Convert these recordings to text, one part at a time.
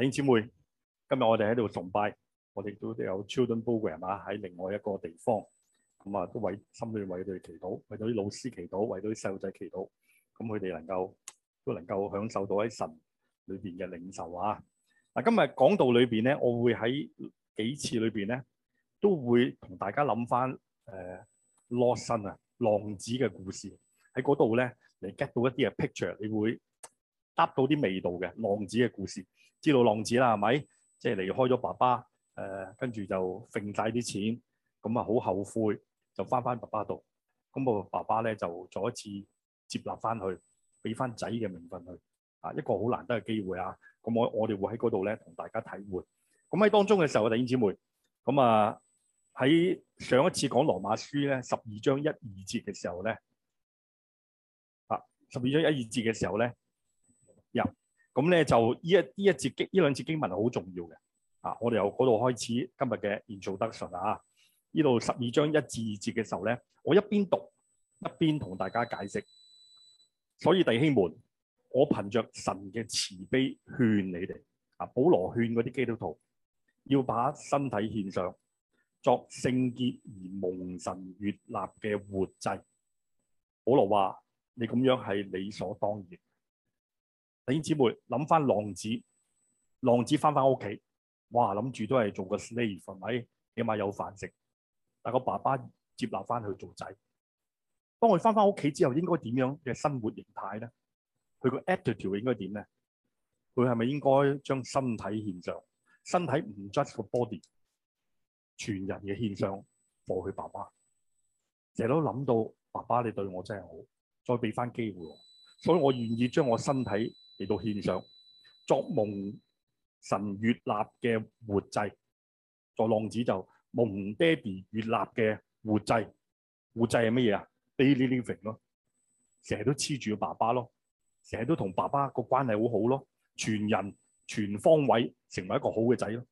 弟兄姊妹，今日我哋喺度崇拜，我哋都有 Children Program 啊，喺另外一個地方咁啊，都為心裡為佢哋祈禱，為咗啲老師祈禱，為咗啲細路仔祈禱，咁佢哋能夠都能夠享受到喺神裏邊嘅領袖啊。嗱、啊，今日講道裏邊咧，我會喺幾次裏邊咧，都會同大家諗翻誒，羅、呃、申啊，浪子嘅故事喺嗰度咧，你 get 到一啲嘅 picture，你會 get 到啲味道嘅浪子嘅故事。在那裏知道浪子啦，係咪？即係離開咗爸爸，呃，跟住就剩晒啲錢，咁啊好後悔，就翻翻爸爸度。咁個爸爸咧就再一次接納翻去，俾翻仔嘅名分佢啊，一個好難得嘅機會啊。咁我我哋會喺嗰度咧同大家體會。咁喺當中嘅時候，弟兄姊妹，咁啊喺上一次講羅馬書咧十二章一二節嘅時候咧啊，十二章一二節嘅時候咧入。嗯咁咧就呢一呢一節經呢兩節經文係好重要嘅。啊，我哋由嗰度開始今日嘅念誦得神啊！呢度十二章一至二節嘅時候咧，我一邊讀一邊同大家解釋。所以弟兄們，我憑着神嘅慈悲勸你哋，啊，保羅勸嗰啲基督徒要把身體獻上作聖潔而蒙神悅納嘅活祭。保羅話：你咁樣係理所當然。弟兄姊妹諗翻浪子，浪子翻翻屋企，哇，諗住都係做個 slave，係咪？起碼有飯食。但個爸爸接納翻佢做仔，當佢翻翻屋企之後，應該點樣嘅生活形態咧？佢個 attitude 應該點咧？佢係咪應該將身體獻上？身體唔 just 個 body，全人嘅獻上過佢爸爸。成日都諗到爸爸，你對我真係好，再俾翻機會我，所以我願意將我身體。嚟到獻上，作蒙神悅納嘅活祭。作浪子就蒙爹哋悅納嘅活祭。活祭係乜嘢啊？Be living 咯，成日都黐住個爸爸咯，成日都同爸爸個關係好好咯，全人全方位成為一個好嘅仔咯。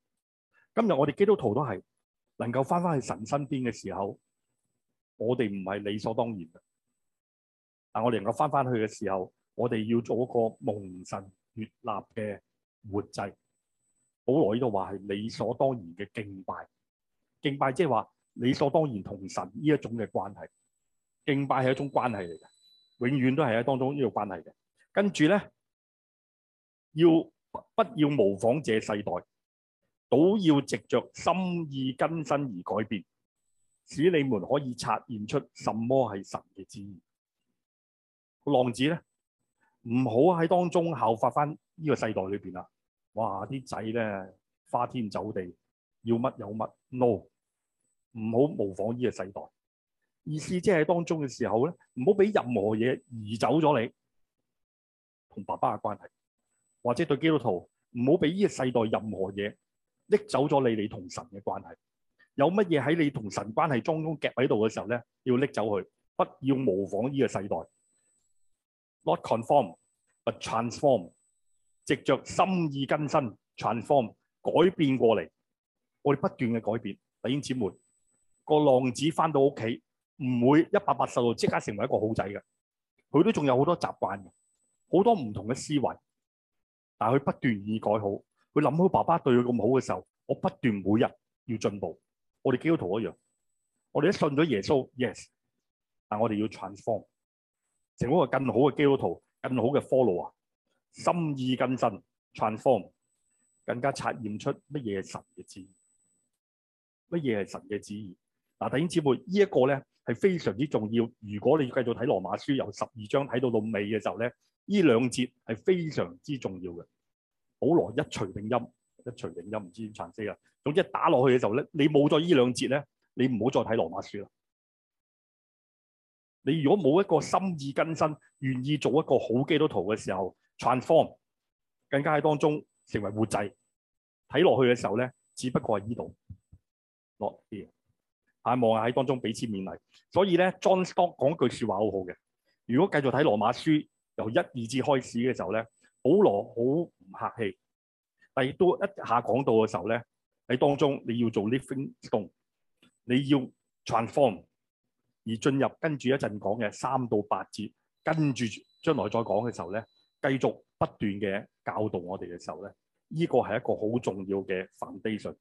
今日我哋基督徒都係能夠翻返去神身邊嘅時候，我哋唔係理所當然嘅，但我哋能夠翻返去嘅時候。我哋要做一個蒙神悦納嘅活祭。保羅呢度話係理所當然嘅敬拜，敬拜即係話理所當然同神呢一種嘅關係。敬拜係一種關係嚟嘅，永遠都係喺當中呢個關係嘅。跟住咧，要不要模仿這世代，都要藉着心意更新而改變，使你們可以察現出什麼係神嘅旨意。浪子咧～唔好喺當中效法翻呢個世代裏邊啦，哇！啲仔咧花天酒地，要乜有乜？No，唔好模仿呢個世代。意思即係當中嘅時候咧，唔好俾任何嘢移走咗你同爸爸嘅關係，或者對基督徒唔好俾呢個世代任何嘢拎走咗你你同神嘅關係。有乜嘢喺你同神關係中中夾喺度嘅時候咧，要拎走去，不要模仿呢個世代。Not conform，but transform。藉著心意更新，transform 改變過嚟。我哋不斷嘅改變，弟兄姊妹，個浪子翻到屋企唔會一百八十度即刻成為一個好仔嘅，佢都仲有好多習慣，好多唔同嘅思維。但係佢不斷而改好，佢諗好爸爸對佢咁好嘅時候，我不斷每日要進步。我哋基督徒一樣，我哋一信咗耶穌，yes，但係我哋要 transform。成為一個更好嘅基督徒、更好嘅 follow 啊，心意更新、transform，更加察驗出乜嘢係神嘅旨意，乜嘢係神嘅旨意？嗱、啊，弟兄姊妹，這個、呢一個咧係非常之重要。如果你要繼續睇羅馬書由十二章睇到到尾嘅時候咧，呢兩節係非常之重要嘅。保羅一錘定音，一錘定音，唔知點闡釋啦。總之打落去嘅時候咧，你冇咗呢兩節咧，你唔好再睇羅馬書啦。你如果冇一個心意更新，願意做一個好基督徒嘅時候，transform 更加喺當中成為活祭。睇落去嘅時候咧，只不過係依度落啲嘢。盼望喺當中彼此勉勵，所以咧，John s t o c stock 講句說話好好嘅。如果繼續睇羅馬書由一二節開始嘅時候咧，保羅好唔客氣，但亦都一下講到嘅時候咧，喺當中你要做 living stone，你要 transform。而進入跟住一陣講嘅三到八節，跟住將來再講嘅時候咧，繼續不斷嘅教導我哋嘅時候咧，呢個係一個好重要嘅 foundation。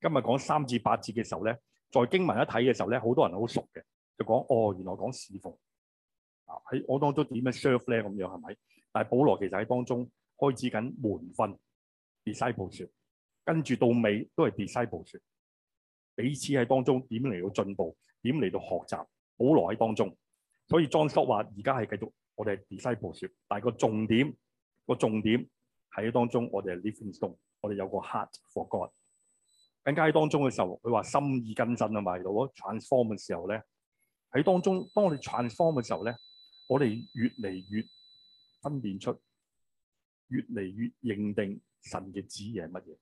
今日講三至八節嘅時候咧，在經文一睇嘅時候咧，好多人好熟嘅就講哦，原來講侍奉啊，喺我當中點樣 serve 咧咁樣係咪？但係保羅其實喺當中開始緊門分 disciple 説，跟住到尾都係 disciple 説，彼此喺當中點嚟到進步，點嚟到學習。保留喺當中，所以裝修話而家係繼續，我哋係 design 佈置，但係個重點個重點喺當中，我哋係 living stone，我哋有個 heart for God。更加喺當中嘅時候，佢話心意更新啊嘛，如、就是、transform 嘅時候咧，喺當中當我哋 transform 嘅時候咧，我哋越嚟越分辨出，越嚟越認定神嘅旨意係乜嘢，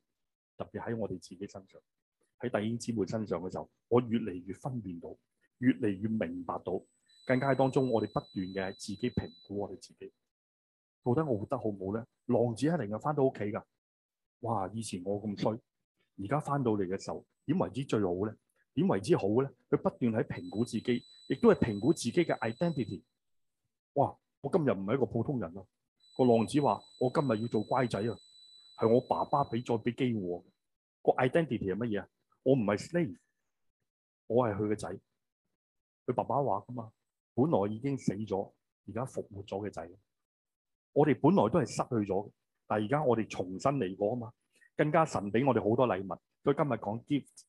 特別喺我哋自己身上，喺弟兄姊妹身上嘅時候，我越嚟越分辨到。越嚟越明白到，更加係當中，我哋不斷嘅自己評估我哋自己，到底我活得好唔好咧？浪子一定又翻到屋企噶，哇！以前我咁衰，而家翻到嚟嘅時候，點為之最好咧？點為之好咧？佢不斷喺評估自己，亦都係評估自己嘅 identity。哇！我今日唔係一個普通人啊，個浪子話：我今日要做乖仔啊，係我爸爸俾再俾機會我。個 identity 係乜嘢啊？我唔係 slave，我係佢嘅仔。佢爸爸話噶嘛，本來已經死咗，而家復活咗嘅仔。我哋本來都係失去咗，但係而家我哋重新嚟過啊嘛，更加神俾我哋好多禮物。佢今日講 gift，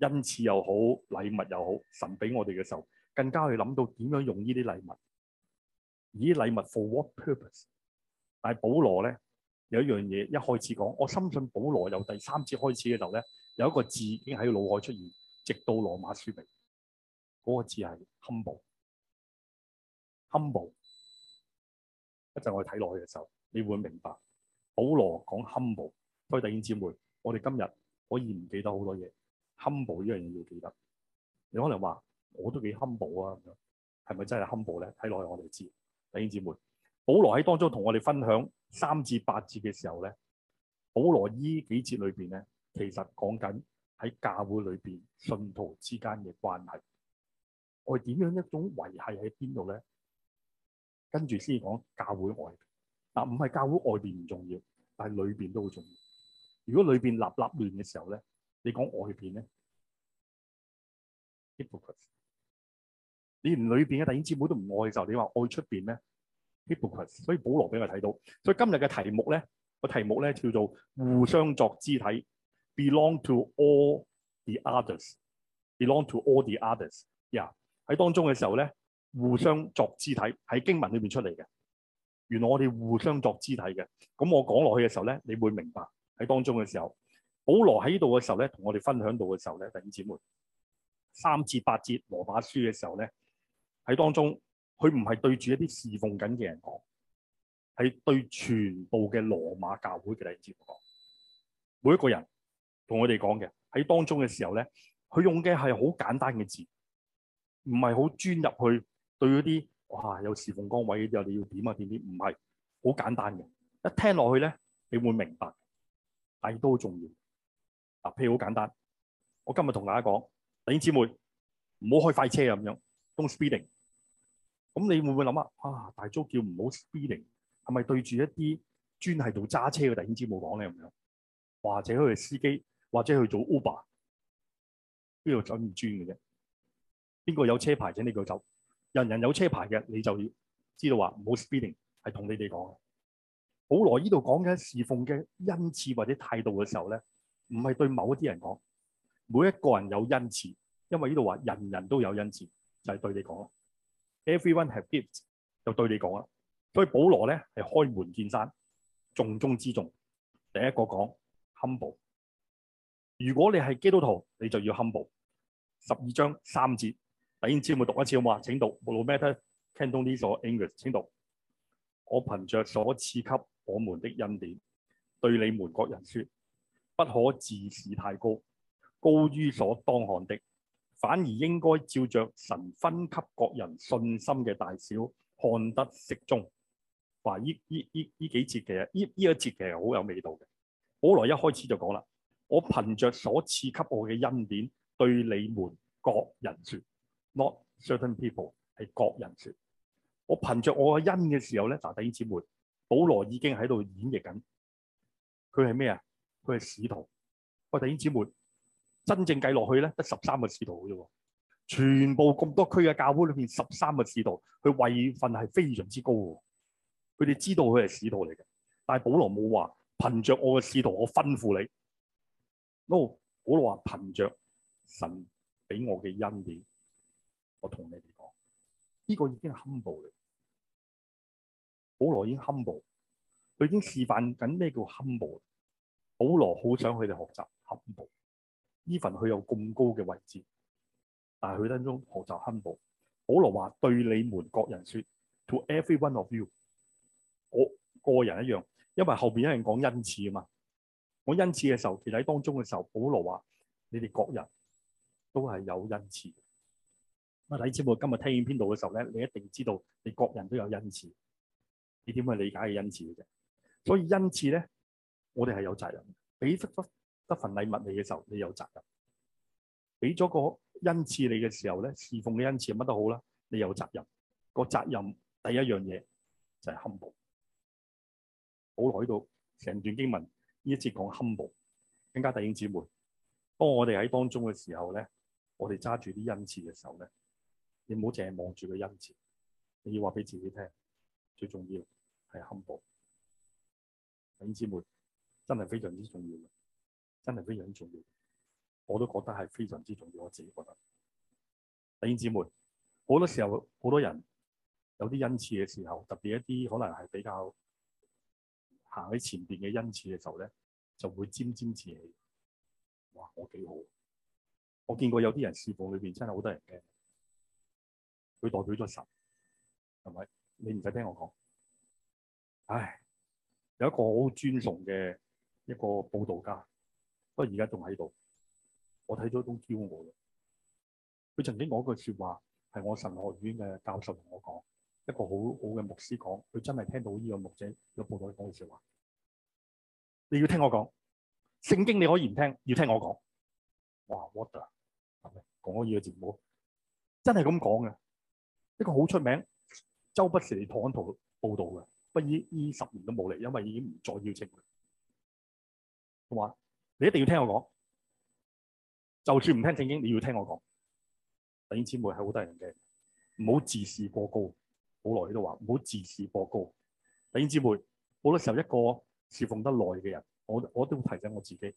恩賜又好，禮物又好，神俾我哋嘅時候，更加去諗到點樣用呢啲禮物。以啲禮物 for what purpose？但係保羅咧，有一樣嘢，一開始講，我深信保羅由第三次開始嘅時候咧，有一個字已經喺腦海出現，直到羅馬書尾。嗰、那個字係 humble，humble。一陣我哋睇落去嘅時候，你會明白。保羅講 humble，所以弟兄姊妹，我哋今日可以唔記得好多嘢，humble 呢樣嘢要記得。你可能話我都幾 humble 啊，係咪真係 humble 咧？睇落去我哋知。弟兄姊妹，保羅喺當中同我哋分享三至八節嘅時候咧，保羅依幾節裏邊咧，其實講緊喺教會裏邊信徒之間嘅關係。我點樣一種維繫喺邊度咧？跟住先講教會外邊嗱，唔、啊、係教會外邊唔重要，但係裏邊都好重要。如果裏邊立立亂嘅時候咧，你講外邊咧？Hypocrites。你連裏邊嘅弟兄姊妹都唔愛嘅時候，你話愛出邊咩？Hypocrites。所以保羅俾我睇到，所以今日嘅題目咧個題目咧叫做互相作肢體，mm -hmm.，belong to all the others，belong to all the others，呀。喺當中嘅時候咧，互相作肢體喺經文裏邊出嚟嘅，原來我哋互相作肢體嘅。咁我講落去嘅時候咧，你會明白喺當中嘅時候，保羅喺呢度嘅時候咧，同我哋分享到嘅時候咧，弟兄姊妹，三節八節羅馬書嘅時候咧，喺當中佢唔係對住一啲侍奉緊嘅人講，係對全部嘅羅馬教會嘅弟兄姊妹講，每一個人同我哋講嘅喺當中嘅時候咧，佢用嘅係好簡單嘅字。唔係好專入去對嗰啲哇，有侍奉崗位有啲啊，你要點啊點點，唔係好簡單嘅，一聽落去咧你會明白，但都好重要嗱。譬如好簡單，我今日同大家講，弟兄姊妹唔好開快車咁樣 don't speeding。咁你會唔會諗啊？啊，大租叫唔好 speeding，係咪對住一啲專係做揸車嘅弟兄姊妹講咧咁樣？或者佢係司機，或者去做 Uber，邊度揾咁專嘅啫？邊個有車牌，請你叫佢走。人人有車牌嘅，你就要知道話唔好 speeding，係同你哋講嘅。保羅呢度講緊侍奉嘅恩賜或者態度嘅時候咧，唔係對某一啲人講，每一個人有恩賜，因為呢度話人人都有恩賜，就係對你講。Everyone have gifts，就對你講啦。所以保羅咧係開門見山，重中之重，第一個講 humble。如果你係基督徒，你就要 humble。十二章三節。等然之間讀一次我話請讀，老咩呢？Cantonese or English 請讀。我憑着所賜給我們的恩典，對你們各人説，不可自視太高，高於所當看的，反而應該照着神分給各人信心嘅大小，看得適中。哇！呢呢呢呢幾節其實呢呢一節其實好有味道嘅。保羅一開始就講啦，我憑着所賜給我嘅恩典，對你們各人説。Not certain people 係各人説，我憑着我嘅恩嘅時候咧，但弟兄姊妹，保羅已經喺度演繹緊，佢係咩啊？佢係使徒。我弟兄姊妹真正計落去咧，得十三個使徒嘅啫喎，全部咁多區嘅教會裏面，十三個使徒佢位分係非常之高喎。佢哋知道佢係使徒嚟嘅，但係保羅冇話憑着我嘅使徒，我吩咐你，no，保羅話憑着神俾我嘅恩典。我同你哋講，呢、這個已經係 humble。m 保羅已經 humble，佢已經示範緊咩叫 humble。保羅好想佢哋學習 humble even 佢有咁高嘅位置，但係佢當中學習 humble，保羅話：對你們各人說，to every one of you，我個人一樣，因為後邊有人講恩賜啊嘛。我恩賜嘅時候，其實喺當中嘅時候，保羅話：你哋各人都係有恩賜。咁啊！弟兄姊妹今日聽完篇道嘅時候咧，你一定知道你各人都有恩賜，你點去理解嘅恩賜嘅啫？所以恩賜咧，我哋係有責任。俾得得份禮物你嘅時候，你有責任；俾咗個恩賜你嘅時候咧，侍奉嘅恩賜乜都好啦，你有責任。個責任第一樣嘢就係謙卑。好耐喺度成段經文，呢一次講謙卑。更加弟兄姊妹，當我哋喺當中嘅時候咧，我哋揸住啲恩賜嘅時候咧。你唔好淨係望住個恩賜，你要話俾自己聽，最重要係謙卑。弟兄姊妹，真係非常之重要嘅，真係非常之重要。我都覺得係非常之重要，我自己覺得。弟兄姊妹，好多時候好多人有啲恩賜嘅時候，特別一啲可能係比較行喺前邊嘅恩賜嘅時候咧，就會沾沾自喜。哇！我幾好，我見過有啲人侍奉裏邊真係好得人驚。佢代表咗神，係咪？你唔使聽我講。唉，有一個好尊崇嘅一個報道家，不過而家仲喺度。我睇咗都驕傲。佢曾經講句說話，係我神學院嘅教授同我講，一個好好嘅牧師講，佢真係聽到呢個牧者嘅、這個、報道講呢句說話。你要聽我講，聖經你可以唔聽，要聽我講。哇，What？講咗呢個節目真係咁講嘅。一個好出名，周不時嚟台灣做報導嘅，不依依十年都冇嚟，因為已經唔再邀請佢。同話你一定要聽我講，就算唔聽正經，你要聽我講。弟兄姊妹係好得人驚嘅，唔好自視過高。好耐佢都話，唔好自視過高。弟兄姊妹好多時候一個侍奉得耐嘅人，我，我都會提醒我自己，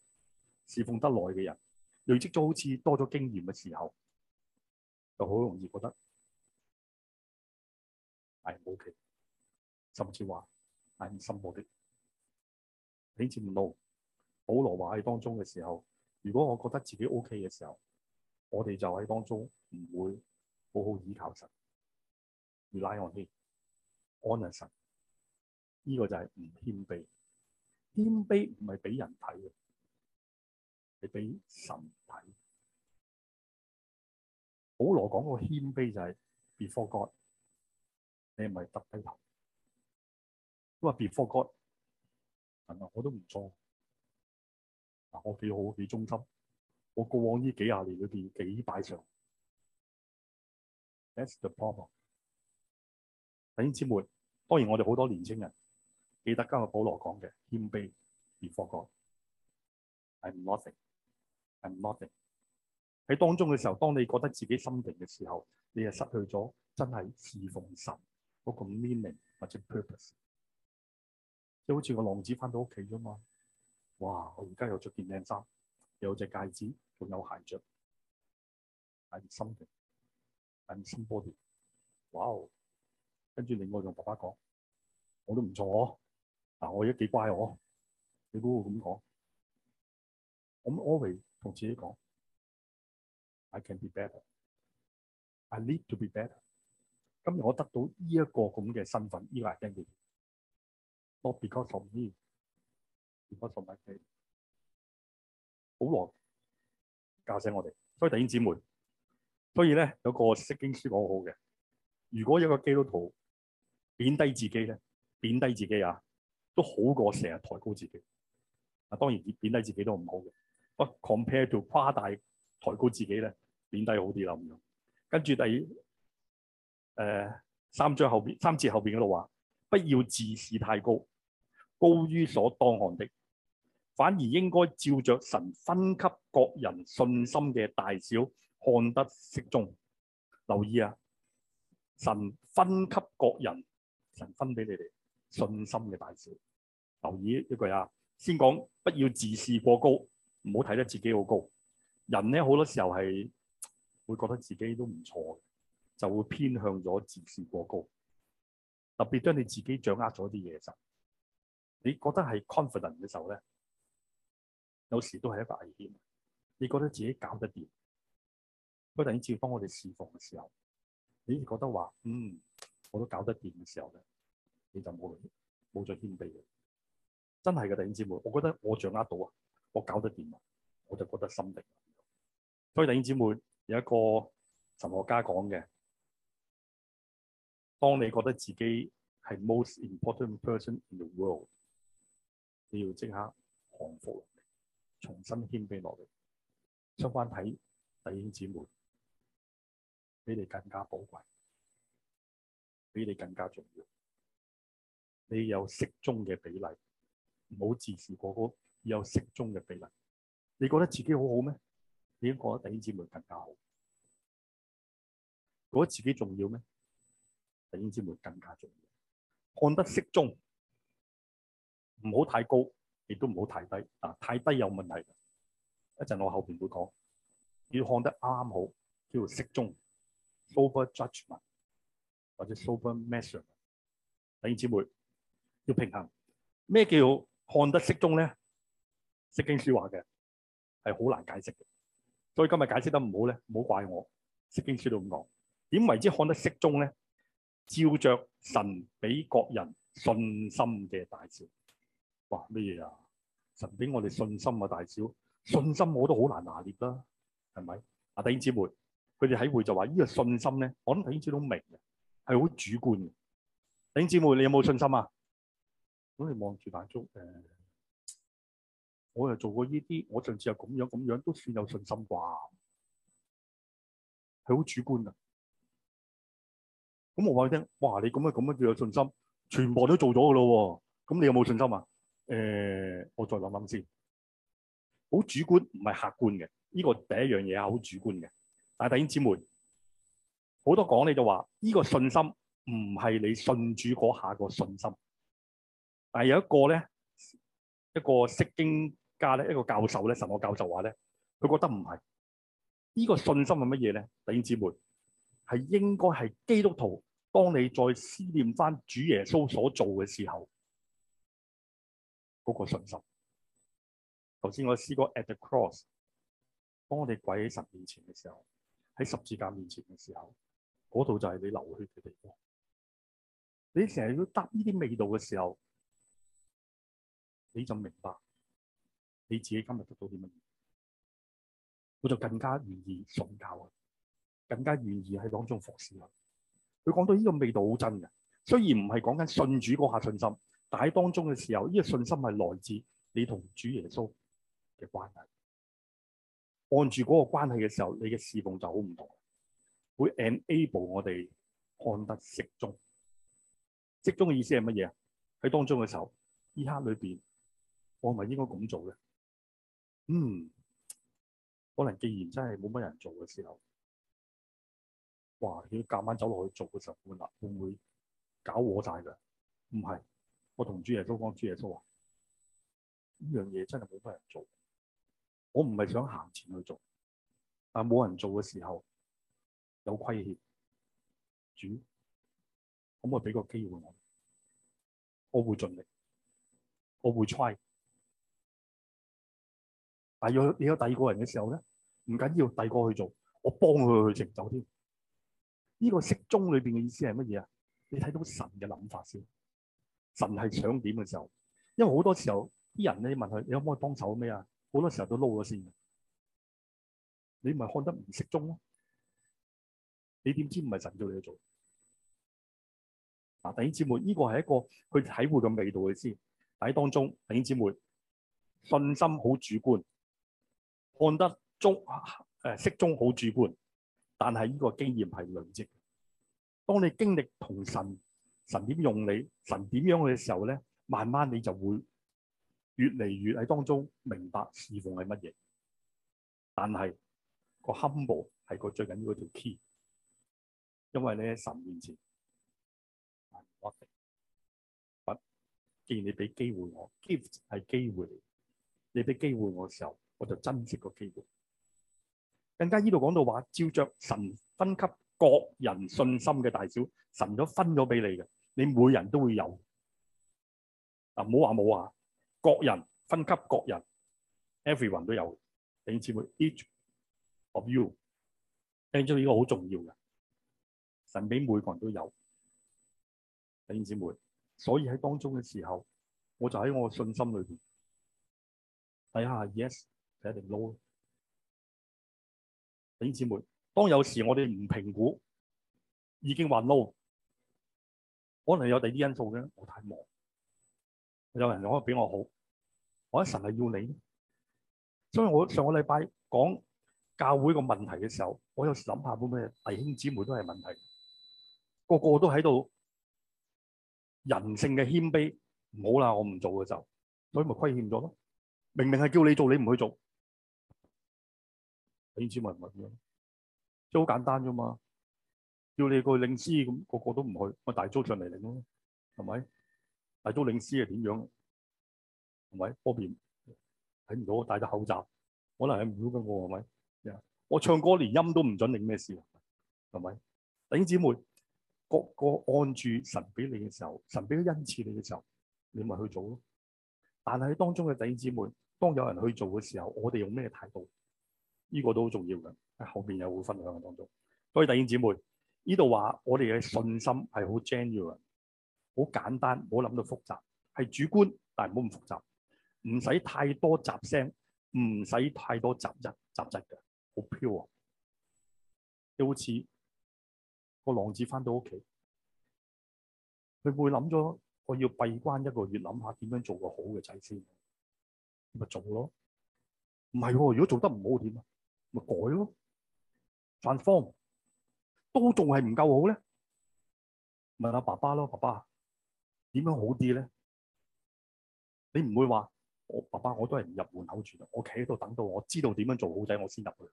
侍奉得耐嘅人累積咗好似多咗經驗嘅時候，就好容易覺得。係 O K，甚至話唔深我啲。你知唔知？保羅話喺當中嘅時候，如果我覺得自己 O K 嘅時候，我哋就喺當中唔會好好倚靠神，rely on him，神。呢個就係唔謙卑。謙卑唔係俾人睇嘅，係俾神睇。保羅講個謙卑就係 before God。你咪耷低頭，都話 before God，係嘛？我都唔錯。嗱，我幾好幾忠心。我過往呢幾廿年裏面幾百場，that's the problem。弟兄姊妹，當然我哋好多年青人記得今日保羅講嘅謙卑 before God。I'm nothing, I'm nothing。喺當中嘅時候，當你覺得自己心定嘅時候，你係失去咗真係侍奉神。嗰、那個 meaning 或者 purpose，即係好似個浪子翻到屋企啫嘛。哇！我而家又着件靚衫，又有隻戒指，仲有鞋穿 I'm I'm、wow. 著，I'm something, I'm somebody。哇哦！跟住另外同爸爸講，我都唔錯、哦，嗱，我而家幾乖我、哦，你估會咁講。我 always 同自己講，I can be better，I need to be better。今日我得到呢一個咁嘅身份，依、這個係關鍵。Because from 呢，because from 佢好耐教醒我哋。所以弟兄姊妹，所以咧有個聖經書講好嘅，如果一個基督徒貶低自己咧，貶低自己啊，都好過成日抬高自己。啊，當然貶低自己都唔好嘅，不 compare to 誇大抬高自己咧，貶低好啲啦咁樣。跟住第二。誒、呃，三章後邊，三節後邊嗰度話，不要自視太高，高於所當看的，反而應該照着神分給各人信心嘅大小看得適中。留意啊，神分給各人，神分俾你哋信心嘅大小。留意一句啊，先講不要自視過高，唔好睇得自己好高。人咧好多時候係會覺得自己都唔錯嘅就會偏向咗自恃過高，特別當你自己掌握咗啲嘢時，你覺得係 confident 嘅時候咧，有時都係一個危險。你覺得自己搞得掂，不過弟兄姊妹幫我哋侍奉嘅時候，你覺得話，嗯，我都搞得掂嘅時候咧，你就冇冇咗謙卑嘅。真係嘅，弟兄姊妹，我覺得我掌握到啊，我搞得掂啊，我就覺得心定。所以弟兄姊妹，有一個神學家講嘅。當你覺得自己係 most important person in the world，你要即刻降伏落嚟，重新謙卑落嚟。相反睇弟兄姊妹，比你更加寶貴，比你更加重要。你有適中嘅比例，唔好自視過高。有適中嘅比例，你覺得自己好好咩？你已經覺得弟兄姊妹更加好？覺得自己重要咩？弟兄姐妹更加重要，看得適中，唔好太高，亦都唔好太低。啊，太低有問題。一陣我後邊會講，要看得啱好，叫做適中 （sober judgment） 或者 sober measure。弟兄姐妹要平衡。咩叫看得適中咧？《釋經書》話嘅係好難解釋嘅，所以今日解釋得唔好咧，唔好怪我。《釋經書》都咁講，點為之看得適中咧？照着神俾各人信心嘅大小，哇，咩嘢啊？神俾我哋信心啊，大小，信心我都好難拿捏啦，係咪阿弟兄姊妹，佢哋喺會就話呢、這個信心咧，我諗弟兄姊妹都明嘅，係好主觀嘅。弟兄姊妹，你有冇信心啊？咁你望住大足，誒、呃，我又做過呢啲，我上次又咁樣咁樣，都算有信心啩，係好主觀啊！咁我話你聽，哇！你咁樣咁樣要有信心，全部都做咗噶咯。咁你有冇信心啊？誒、欸，我再諗諗先。好主觀唔係客觀嘅，呢個第一樣嘢係好主觀嘅。但係弟兄姊妹，好多講你就話，呢個信心唔係你信主嗰下個信心。但係有一個咧，一個釋經家咧，一個教授咧，神學教授話咧，佢覺得唔係。呢個信心係乜嘢咧？弟兄姊妹，係應該係基督徒。當你再思念翻，主耶穌所做嘅時候，嗰個信心。頭先我試過 At the Cross，當我哋跪喺十字架面前嘅時候，喺十字架面前嘅時候，嗰度就係你流血嘅地方。你成日都嗒呢啲味道嘅時候，你就明白你自己今日得到啲乜嘢。我就更加願意信教啊，更加願意喺當中服侍啊。佢講到呢個味道好真嘅，雖然唔係講緊信主嗰下信心，但喺當中嘅時候，呢個信心係來自你同主耶穌嘅關係。按住嗰個關係嘅時候，你嘅侍奉就好唔同，會 enable 我哋看得適中。適中嘅意思係乜嘢啊？喺當中嘅時候，呢刻裏邊，我係咪應該咁做咧？嗯，可能既然真係冇乜人做嘅時候。哇！佢夾硬走落去做嘅時候，會唔會唔會搞我晒噶？唔係，我同主耶穌講，主耶穌話呢樣嘢，真係冇乜人做。我唔係想行前去做，但冇人做嘅時候有虧欠主，咁我俾個機會我，我會盡力，我會 try。但要你有第二個人嘅時候咧，唔緊要，要，第二個去做，我幫佢去成就添。呢、這個適中裏邊嘅意思係乜嘢啊？你睇到神嘅諗法先，神係想點嘅時候，因為好多時候啲人咧，你問佢你可唔可以幫手咩啊？好多時候都撈咗先了，你咪看得唔適中咯。你點知唔係神叫你去做？嗱、啊，弟兄姊妹，呢、這個係一個佢體會嘅味道，你知喺當中，弟兄姊妹，信心好主觀，看得中誒適中好主觀。但係呢個經驗係累積。當你經歷同神，神點用你，神點樣嘅時候咧，慢慢你就會越嚟越喺當中明白侍奉係乜嘢。但係個 humble 係個最緊要嗰條 key，因為你喺神面前但不，不，既然，你俾機會我，gift 係機會嚟，你俾機會我嘅時候，我就珍惜個機會。更加呢度講到話，照著神分給各人信心嘅大小，神都分咗俾你嘅，你每人都會有。啊，唔好話冇啊，各人分給各人，everyone 都有。弟兄姊妹，each of you，呢個好重要嘅，神俾每個人都有。弟兄姊妹，所以喺當中嘅時候，我就喺我嘅信心裏邊睇下，yes 定 no。弟兄姊妹，當有時我哋唔評估，已經話 no，可能有第二啲因素嘅。我太忙，有人可能比我好，我一神係要你。所以我上個禮拜講教會個問題嘅時候，我有時諗下會唔會，弟兄姊妹都係問題，個個都喺度人性嘅謙卑，唔好啦，我唔做嘅就，所以咪虧欠咗咯。明明係叫你做，你唔去做。領詩咪唔係咁樣，即係好簡單咋嘛？叫你過去領詩，咁個個都唔去，咪大租上嚟領咯，係咪？大租領詩係點樣？係咪？Bobby, 我邊睇唔到，戴咗口罩，可能係唔喐我，係咪？Yeah. 我唱歌連音都唔準，領咩詩？係咪？弟兄姊妹，個個按住神俾你嘅時候，神俾咗恩賜你嘅時候，你咪去做咯。但係當中嘅弟兄姊妹，當有人去做嘅時候，我哋用咩態度？呢、這個都好重要嘅，喺後邊又會分享嘅當中。所以弟兄姊妹，呢度話我哋嘅信心係好 general，好簡單，唔好諗到複雜，係主觀，但係唔好咁複雜，唔使太多雜聲，唔使太多雜質，雜質嘅，好飄啊！你好似個浪子翻到屋企，佢會諗咗我要閉關一個月，諗下點樣做個好嘅仔先。咪做咯。唔係，啊，如果做得唔好點啊？咪改咯，transform 都仲係唔夠好咧。問下爸爸咯，爸爸點樣好啲咧？你唔會話我爸爸我都係唔入門口住，我企喺度等到我知道點樣做好仔，我先入去。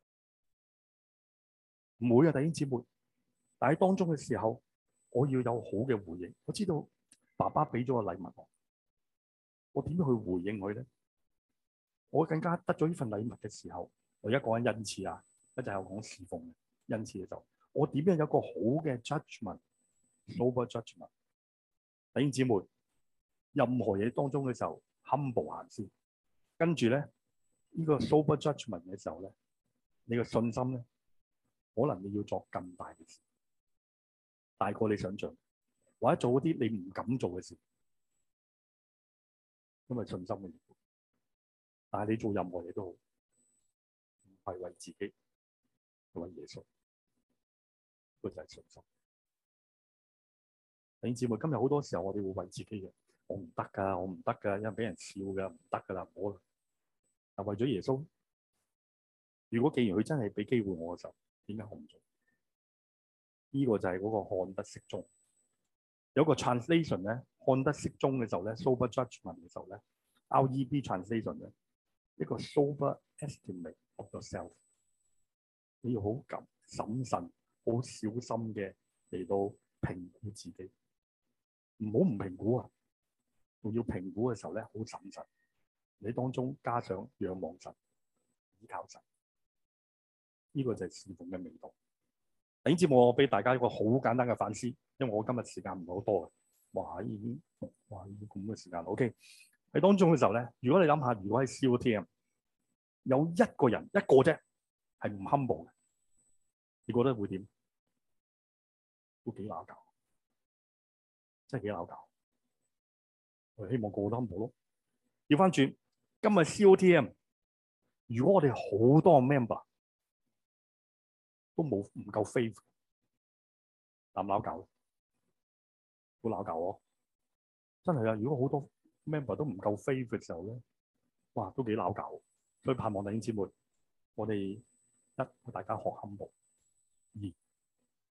唔會啊，弟兄姐妹。但喺當中嘅時候，我要有好嘅回應。我知道爸爸俾咗個禮物我，我點樣去回應佢咧？我更加得咗呢份禮物嘅時候。我而家講緊恩賜啊，一陣有講侍奉嘅恩賜嘅時候，我點樣有一個好嘅 judgment、嗯、sober judgment 弟兄姊妹，任何嘢當中嘅時候，humble 下先。跟住咧，呢、這個 sober judgment 嘅時候咧，你嘅信心咧，可能你要做更大嘅事，大過你想象，或者做一啲你唔敢做嘅事，因為信心嘅緣故。但係你做任何嘢都好。係為自己同埋耶穌，佢就係信心。弟兄姊妹。今日好多時候我哋會為自己嘅，我唔得噶，我唔得噶，因為俾人笑噶，唔得噶啦，唔好啦。係為咗耶穌。如果既然佢真係俾機會我嘅時候，點解我唔做？呢、這個就係嗰個看得適中。有個 translation 咧，看得適中嘅時候咧，sober judgment 嘅時候咧，L.E.B translation 咧，一個 sober estimate。self 你要好審慎、好小心嘅嚟到評估自己，唔好唔評估啊，仲要評估嘅時候咧好審慎。你當中加上仰望神、依靠神，呢個就係侍奉嘅味道。第二節目我俾大家一個好簡單嘅反思，因為我今日時間唔係好多嘅，哇已經哇已經咁嘅時間，OK，喺當中嘅時候咧，如果你諗下，如果喺 COTM。有一個人一個啫，係唔謙卑嘅。你覺得會點？都幾鬧交，真係幾鬧交。我希望個個都謙卑咯。調翻轉，今日 COTM，如果我哋好多 member 都冇唔夠 faith，咁鬧交，好鬧交哦！真係啊，如果好多 member 都唔夠 faith 嘅時候咧，哇，都幾鬧交。對盼望弟兄姊妹，我哋一大家學堪慕，二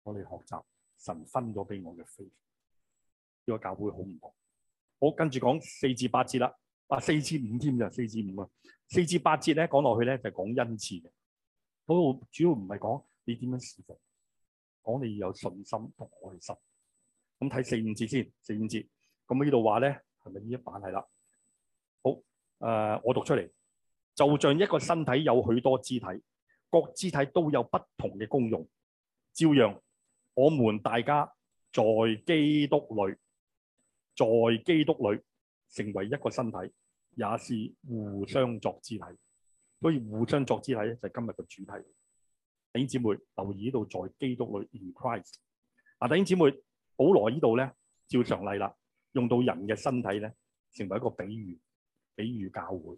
我哋學習神分咗俾我嘅 faith，呢個教會好唔同。好，我跟住講四至八節啦，啊四至五添就四至五啊，四至八節咧講落去咧就講、是、恩賜嘅。好，主要唔係講你點樣侍奉，講你要有信心同愛心。咁睇四五節先，四五節，咁呢度話咧係咪呢一版係啦？好，誒、呃、我讀出嚟。就像一個身體有許多肢體，各肢體都有不同嘅功用。照樣，我們大家在基督裏，在基督裏成為一個身體，也是互相作肢體。所以互相作肢體咧，就係今日嘅主題。弟兄姐妹留意呢度，在基督裏 （in Christ）。啊，弟兄姐妹，保羅呢度咧照常例啦，用到人嘅身體咧，成為一個比喻，比喻教會。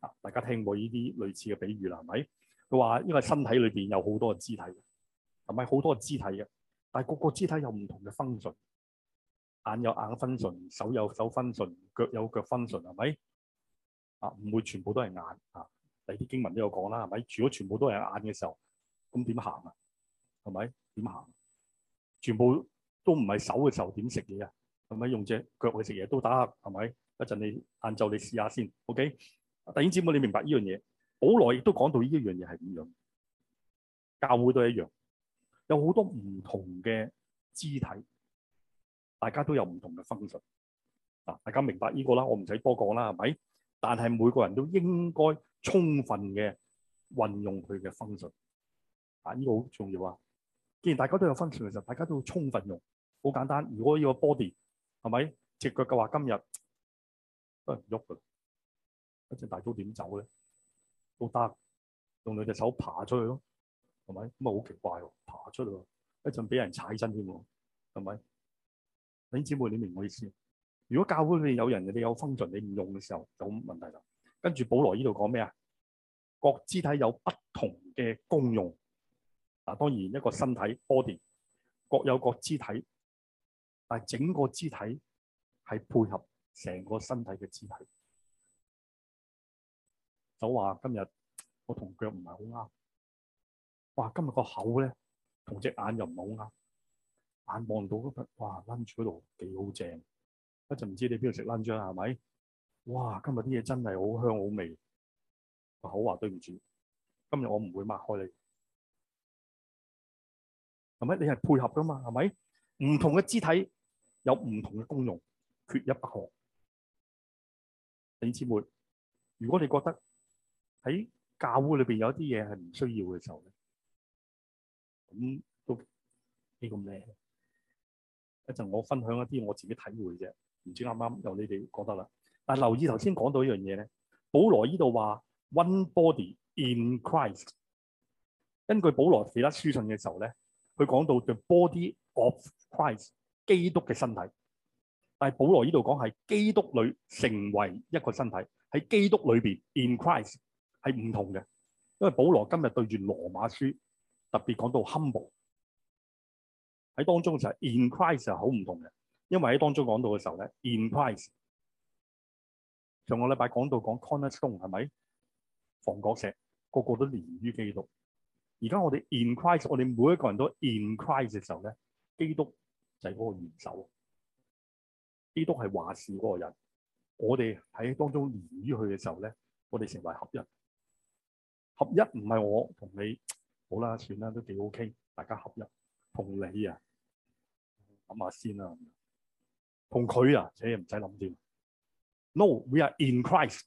啊！大家聽過呢啲類似嘅比喻啦，係咪？佢話因為身體裏邊有好多肢體，係咪好多肢體嘅？但係個個肢體有唔同嘅 function，眼有眼 function，手有手 function，腳有腳 function，係咪？啊，唔會全部都係眼啊！第啲經文都有講啦，係咪？如果全部都係眼嘅時候，咁點行啊？係咪？點行？全部都唔係手嘅時候點食嘢啊？係咪用隻腳去食嘢都得？係咪？一陣你晏晝你試下先，OK？弟兄姊妹，你明白呢樣嘢？好耐亦都講到呢一樣嘢係點樣？教會都一樣，有好多唔同嘅肢體，大家都有唔同嘅分 u 啊，大家明白呢個啦，我唔使多講啦，係咪？但係每個人都應該充分嘅運用佢嘅分 u n 啊，依、這個好重要啊！既然大家都有分 u n c 嘅時候，大家都要充分用。好簡單，如果呢個 body 係咪直腳嘅話，今日都唔喐嘅。一隻大刀，點走咧？都得用兩隻手爬出去咯，係咪？咁啊好奇怪喎、哦，爬出去喎，一陣俾人踩身添喎，係咪？你姊妹，你明我意思？如果教會裏面有人你有風存，你唔用嘅時候就問題啦。跟住保羅呢度講咩啊？各肢體有不同嘅功用。嗱，當然一個身體 body 各有各肢體，但係整個肢體係配合成個身體嘅肢體。就話今日我同腳唔係好啱，哇！今日個口咧同隻眼又唔係好啱，眼望到嗰個哇 lunch 嗰度幾好正，一陣唔知你邊度食 lunch 啊？係咪？哇！今日啲嘢真係好香好味，個口話對唔住，今日我唔會抹開你，係咪？你係配合噶嘛？係咪？唔同嘅肢體有唔同嘅功用，缺一不可。弟兄姊妹，如果你覺得，喺教會裏邊有啲嘢係唔需要嘅時候咧，咁都呢咁咩？一陣我分享一啲我自己體會嘅啫，唔知啱啱，由你哋覺得啦。但留意頭先講到一樣嘢咧，保羅依度話 one body in Christ。根據保羅寫得書信嘅時候咧，佢講到 the body of Christ，基督嘅身體。但係保羅依度講係基督裏成為一個身體，喺基督裏邊 in Christ。係唔同嘅，因為保羅今日對住羅馬書特別講到 humble，喺當中就係 in Christ 又好唔同嘅。因為喺當中講到嘅時候咧 in Christ 上個禮拜講到講 corner stone，係咪？房角石個個都連於基督。而家我哋 in Christ 我哋每一個人都 in Christ 嘅時候咧，基督就係嗰個元首，基督係話事嗰個人。我哋喺當中連於佢嘅時候咧，我哋成為合一。合一唔係我同你好啦，算啦，都幾 OK，大家合一。同你啊，諗下先啦。同佢啊，切唔使諗添。No，we are in Christ。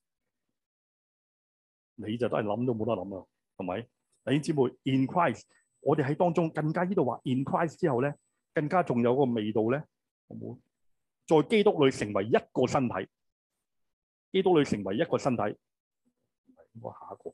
你就都係諗都冇得諗啦，係咪？弟兄姊妹，in Christ，我哋喺當中更加呢度話 in Christ 之後咧，更加仲有個味道咧，好冇？在基督裏成為一個身體，基督裏成為一個身體。應該下一個。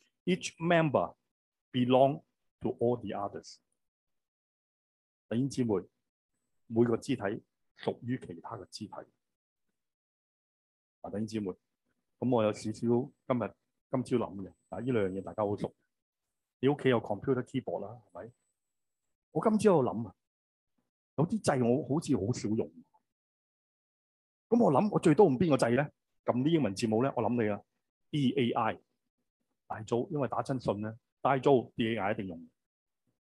Each member belong to all the others。弟兄姊妹，每個肢體屬於其他嘅肢體。啊，弟兄姊妹，咁我有少少今日今朝諗嘅。啊，呢兩樣嘢大家好熟。你屋企有 computer keyboard 啦，係咪？我今朝喺度諗啊，有啲掣我好似好少用。咁我諗，我最多用邊個掣咧？撳啲英文字母咧？我諗你啊 B A I。EAI 大租，因為打真信咧，大租 d a I 一定用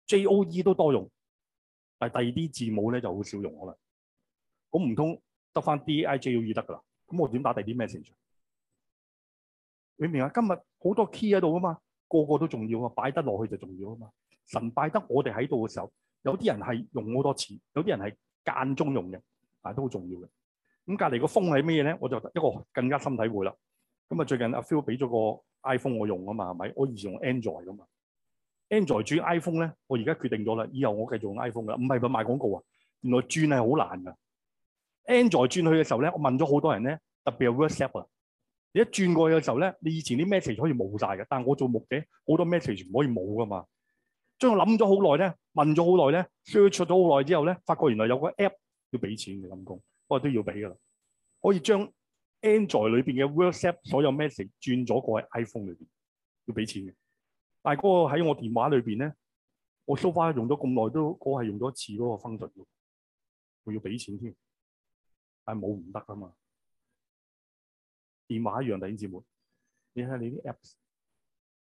，J O E 都多用，但係第二啲字母咧，就好少用可能。咁唔通得翻 d I J O E 得噶啦？咁我點打第二啲咩程序？你明啊？今日好多 key 喺度啊嘛，個個都重要啊，擺得落去就重要啊嘛。神拜得我哋喺度嘅時候，有啲人係用好多次，有啲人係間中用嘅，但都好重要嘅。咁隔籬個風係咩嘢咧？我就一個更加深體會啦。咁啊，最近阿 Phil 俾咗個 iPhone 我用啊嘛，係咪？我以前用 Android 噶嘛，Android 轉 iPhone 咧，我而家決定咗啦，以後我繼續用 iPhone 嘅。唔係佢賣廣告啊，原來轉係好難噶。Android 轉去嘅時候咧，我問咗好多人咧，特別係 WhatsApp 啊，你一轉過去嘅時候咧，你以前啲 message 可以冇晒嘅，但我做目姐好多 message 唔可以冇噶嘛。將我諗咗好耐咧，問咗好耐咧，search 咗好耐之後咧，發覺原來有個 app 要俾錢嘅陰功，不過我都要俾噶啦，可以將。Android 裏邊嘅 WhatsApp 所有 message 轉咗過去 iPhone 裏邊，要俾錢嘅。但係嗰個喺我電話裏邊咧，我 sofa 用咗咁耐都嗰個，我係用咗一次嗰個 function 喎，仲要俾錢添。但係冇唔得啊嘛，電話一樣，弟兄姊妹，你睇下你啲 apps，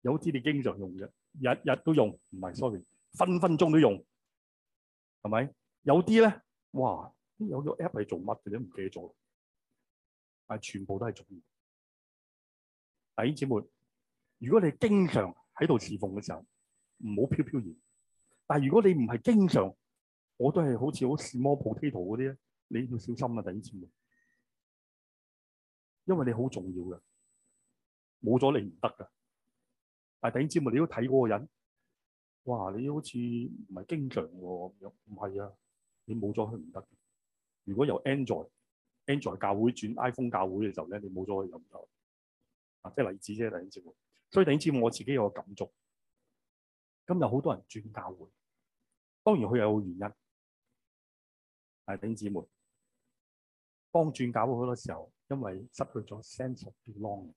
有啲你經常用嘅，日日都用，唔係 sorry，分分鐘都用，係咪？有啲咧，哇，有咗 app 係做乜嘅，你都唔記得咗。啊！全部都係重要的。弟兄姊妹，如果你經常喺度侍奉嘅時候，唔好飄飄然。但係如果你唔係經常，我都係好似好似 small potato 嗰啲咧，你要小心啊！弟兄姊妹，因為你好重要嘅，冇咗你唔得噶。但係弟兄姊妹，你都睇嗰個人，哇！你好似唔係經常喎咁樣。唔係啊，你冇咗佢唔得。如果有 Android Android 教會轉 iPhone 教會嘅時候咧，你冇咗佢就唔得。啊，即係例子啫，弟兄姊妹。所以弟兄姊妹，我自己有個感觸。今日好多人轉教會，當然佢有個原因。弟兄姊妹，當轉教會好多時候，因為失去咗 sense of belonging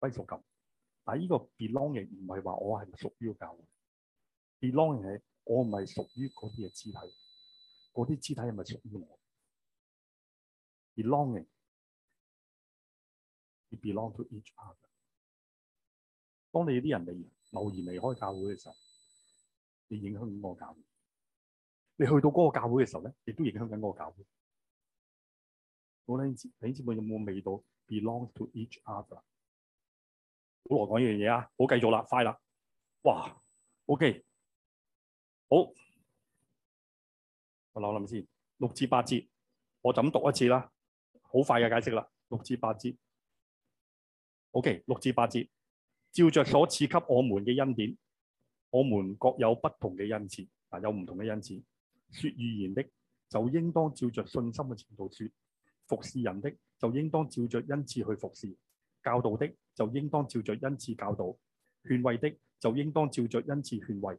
歸屬感、這個。但呢個 belonging 唔係話我係屬於個教會。belonging 係我唔係屬於嗰啲嘅肢體，嗰啲肢體係咪屬屬於我？Belonging，你 belong to each other。當你啲人貿然離開教會嘅時候，你影響緊個教會。你去到嗰個教會嘅時候咧，亦都影響緊個教會。好啦，你知唔知你有冇味道？Belong to each other。好羅講呢樣嘢啊，好繼續啦，快啦！哇，OK，好，我諗諗先，六至八節，我就咁讀一次啦。好快嘅解釋啦，六至八節。O.K. 六至八節，照着所賜給我們嘅恩典，我們各有不同嘅恩賜啊，有唔同嘅恩賜。説預言的就應當照着信心嘅程度説；服侍人的就應當照着恩賜去服侍；教導的就應當照着恩賜教導；勸慰的就應當照着恩賜勸慰；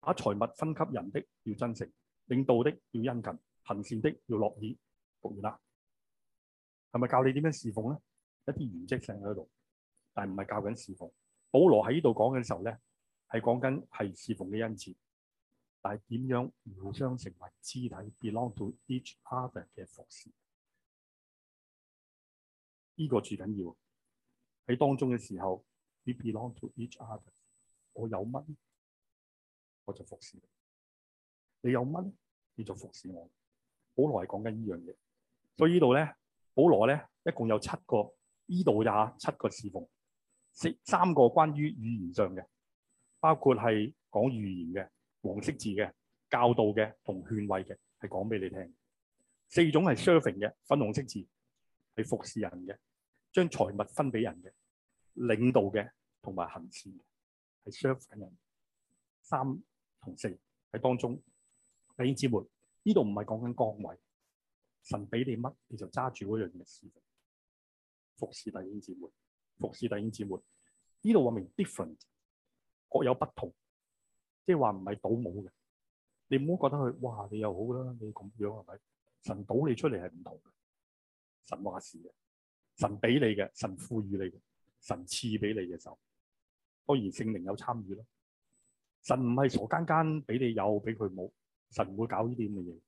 把財物分給人的要真誠，領導的要殷勤，行善的要樂意。讀完啦。係咪教你點樣侍奉咧？一啲原則性喺度，但係唔係教緊侍奉。保羅喺呢度講嘅時候咧，係講緊係侍奉嘅恩賜，但係點樣互相成為肢體？Belong to each other 嘅服侍，呢個最緊要喺當中嘅時候你 belong to each other。我有乜，我就服侍你；你有乜，你就服侍我。保羅係講緊呢樣嘢，所以呢度咧。保羅咧一共有七個呢度呀，也七個侍奉，四三個關於語言上嘅，包括係講預言嘅黃色字嘅教導嘅同勸慰嘅，係講俾你聽的。四種係 serving 嘅粉紅色字，係服侍人嘅，將財物分俾人嘅，領導嘅同埋行善嘅係 serving 緊人，三同四喺當中。弟兄姊妹，呢度唔係講緊崗位。神俾你乜，你就揸住嗰樣嘢事。服侍弟兄姊妹，服侍弟兄姊妹。呢度話明 different，各有不同。即係話唔係倒冇嘅。你唔好覺得佢，哇！你又好啦，你咁樣係咪？神倒你出嚟係唔同嘅。神話事嘅，神俾你嘅，神賦予你嘅，神賜俾你嘅時候，當然聖靈有參與咯。神唔係傻更更俾你有俾佢冇，神唔會搞呢啲咁嘅嘢。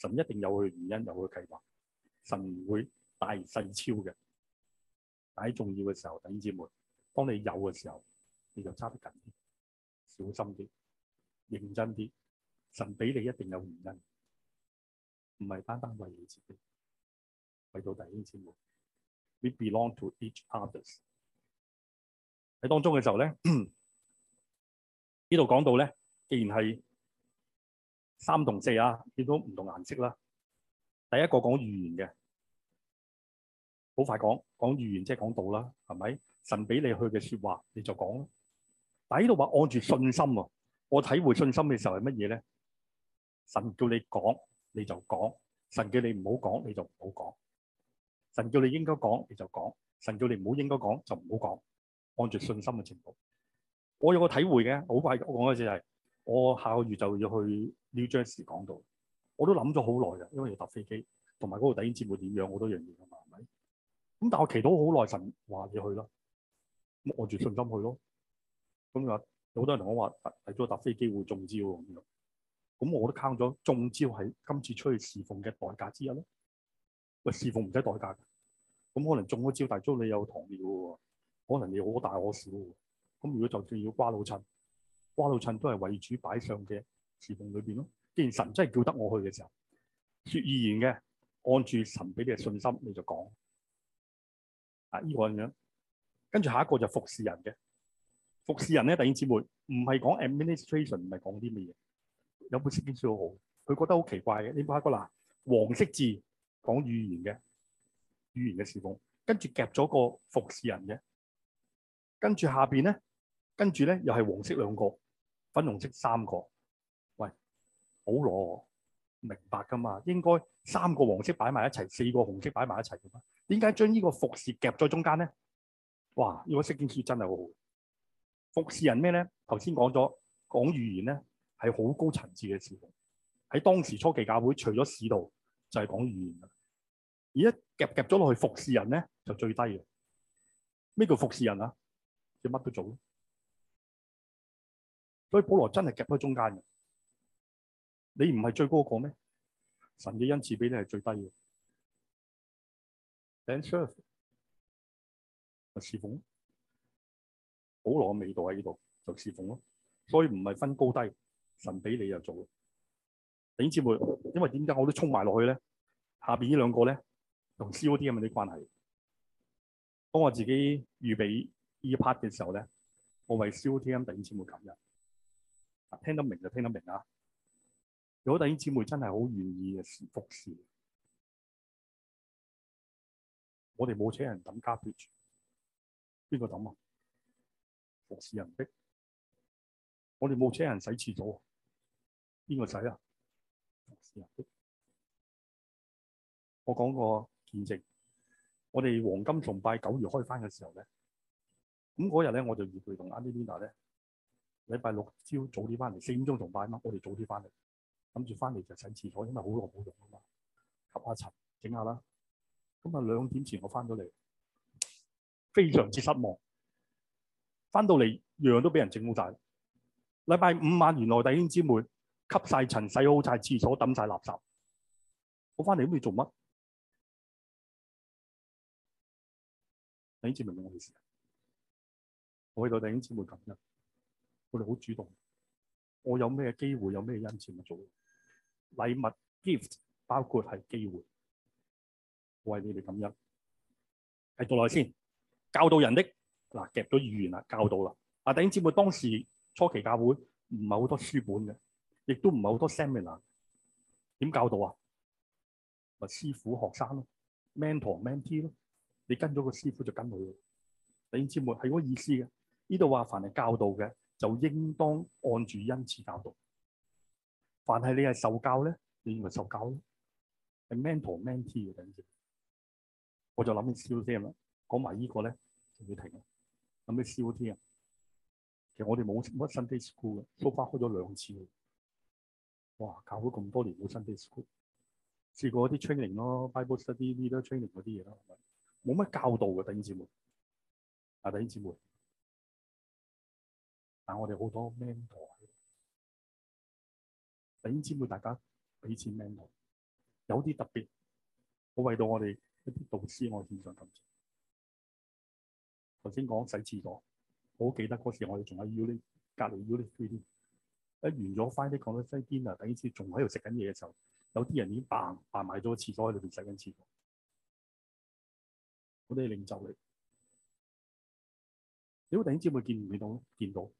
神一定有佢原因，有佢計劃。神會大細超嘅，但喺重要嘅時候，弟兄姊妹，當你有嘅時候，你就揸得緊啲，小心啲，認真啲。神俾你一定有原因，唔係單單為你自己。為到弟兄姊妹，We belong to each other。喺當中嘅時候咧，呢度講到咧，既然係。三同四啊，見到唔同顏色啦。第一個講預言嘅，好快講講預言，即係講道啦，係咪？神俾你去嘅説話，你就講。但喺度話按住信心喎，我體會信心嘅時候係乜嘢咧？神叫你講，你就講；神叫你唔好講，你就唔好講；神叫你應該講，你就講；神叫你唔好應該講，就唔好講。按住信心嘅程度，我有個體會嘅，好快的，我講嘅就係。我下個月就要去 New Jersey 講道。我都諗咗好耐嘅，因為要搭飛機，同埋嗰個底演節目點樣，我都樣嘢啊嘛，係咪？咁但我祈禱好耐，神話要去啦，咁我住信心去咯。咁啊，有好多人同我話，為咗搭飛機會中招咁樣，咁我都靠咗中招係今次出去侍奉嘅代價之一咯。喂，侍奉唔使代價嘅，咁可能中咗招，但係都你有糖尿病，可能你好大我小嘅，咁如果就算要瓜老襯。瓜老襯都係為主擺上嘅侍奉裏邊咯。既然神真係叫得我去嘅時候，說預言嘅，按住神俾你嘅信心，你就講。啊，依、這個咁樣，跟住下一個就服侍人嘅。服侍人咧，弟兄姊妹，唔係講 administration，唔係講啲乜嘢。有本書經書好好，佢覺得好奇怪嘅。你睇下嗱，黃色字講預言嘅，預言嘅侍奉。跟住夾咗個服侍人嘅，跟住下邊咧。跟住咧，又係黃色兩個，粉紅色三個。喂，好囉、哦、明白噶嘛？應該三個黃色擺埋一齊，四個紅色擺埋一齊嘅嘛？點解將呢個服侍夾咗中間咧？哇！呢個色經書真係好好！服侍人咩咧？頭先講咗講語言咧，係好高層次嘅事。喺當時初期教會，除咗市道就係講語言。而一夾夾咗落去，服侍人咧就最低嘅。咩叫服侍人啊？即乜都做。所以保羅真係夾喺中間嘅，你唔係最高個咩？神嘅恩賜俾你係最低嘅，and serve，侍奉。保羅嘅味道喺呢度就侍奉咯。所以唔係分高低，神俾你又做。第二次會，因為點解我都衝埋落去咧？下邊呢兩個咧同 COTM 有啲關係。當我自己預備呢 part 嘅時候咧，我為 COTM 第二次會吸引。聽得明就聽得明啊！如果弟兄姊妹真係好願意服侍，我哋冇請人抌咖啡，邊個抌啊？服侍人的。我哋冇請人洗廁所，邊個洗啊？服侍人的。我講過見證，我哋黃金崇拜九月開翻嘅時候咧，咁嗰日咧，我就預備同阿 b i n a 咧。禮拜六朝早啲翻嚟，四點鐘仲擺乜？我哋早啲翻嚟，諗住翻嚟就洗廁所，因為好耐冇用啊嘛，吸下塵，整下啦。咁啊，兩點前我翻咗嚟，非常之失望。翻到嚟樣樣都俾人整好晒。禮拜五晚原來弟兄姊妹吸晒塵，洗好晒廁所，抌晒垃圾。我翻嚟咁你做乜？弟兄姊妹，咩回我事啊？我去到弟兄姊妹群啊！我哋好主動，我有咩機會，有咩恩賜咪做？禮物 gift 包括係機會，我餵你哋咁樣。誒，讀耐先，教導人的嗱夾咗語言啦，教導啦。啊，弟兄姊妹，當時初期教會唔係好多書本嘅，亦都唔係好多 seminar，點教導啊？咪師傅學生咯，mentor mentee 咯，你跟咗個師傅就跟佢。弟兄姊妹係嗰意思嘅，呢度話凡係教導嘅。就應當按住因此教導。凡係你係受教咧，你咪受教咯。係 mentor 同 mentee 嘅等住。我就諗起笑先啦。講埋呢個咧就會停。諗咩笑先啊？其實我哋冇乜 Sunday School。都花開咗兩次。哇！教咗咁多年冇 Sunday School。試過啲 training 咯，Bible study、leader training 嗰啲嘢咯，冇乜教導嘅等住，唔好。啊，等住唔但我哋好多 mentor，等之冇大家俾錢 mentor，有啲特別，好為到我哋一啲導師，我線上咁做。頭先講洗廁所，我記得嗰時我哋仲喺 U 呢隔離 U 呢邊 3D, day, day,，一完咗翻啲講得西邊啊，等之仲喺度食緊嘢嘅時候，有啲人已經扮扮埋咗個廁所喺裏邊洗緊廁所，我哋領袖嚟，你等之冇見唔見到？見到？見到？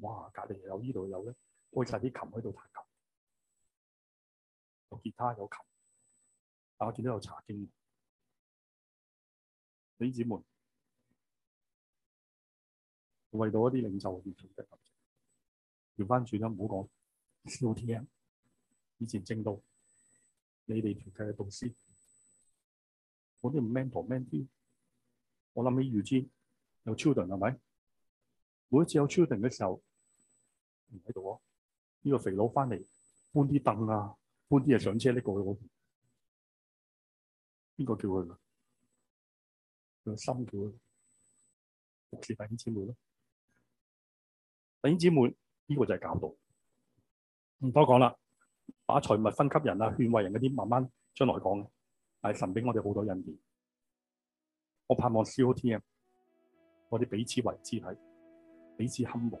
哇！隔籬有，呢度有咧，開晒啲琴喺度彈琴，有吉他，有琴。但我見到有查經，女子們為到一啲領袖而努力。調翻轉啦，唔好講 t m 以前正道，你哋團體嘅導師，嗰啲咩同咩啲？我諗起要知有 children 係咪？每一次有 children 嘅時候。唔喺度啊！呢、這個肥佬翻嚟搬啲凳啊，搬啲嘢上車呢、這個，邊個叫佢噶？心叫佢，是大英姐妹咯。大英姐妹呢、這個就係教導。唔多講啦。把財物分給人啊，勸慰人嗰啲，慢慢將來講嘅。係神俾我哋好多恩典，我盼望 o t 嘢，我哋彼此維持係，彼此堪睦。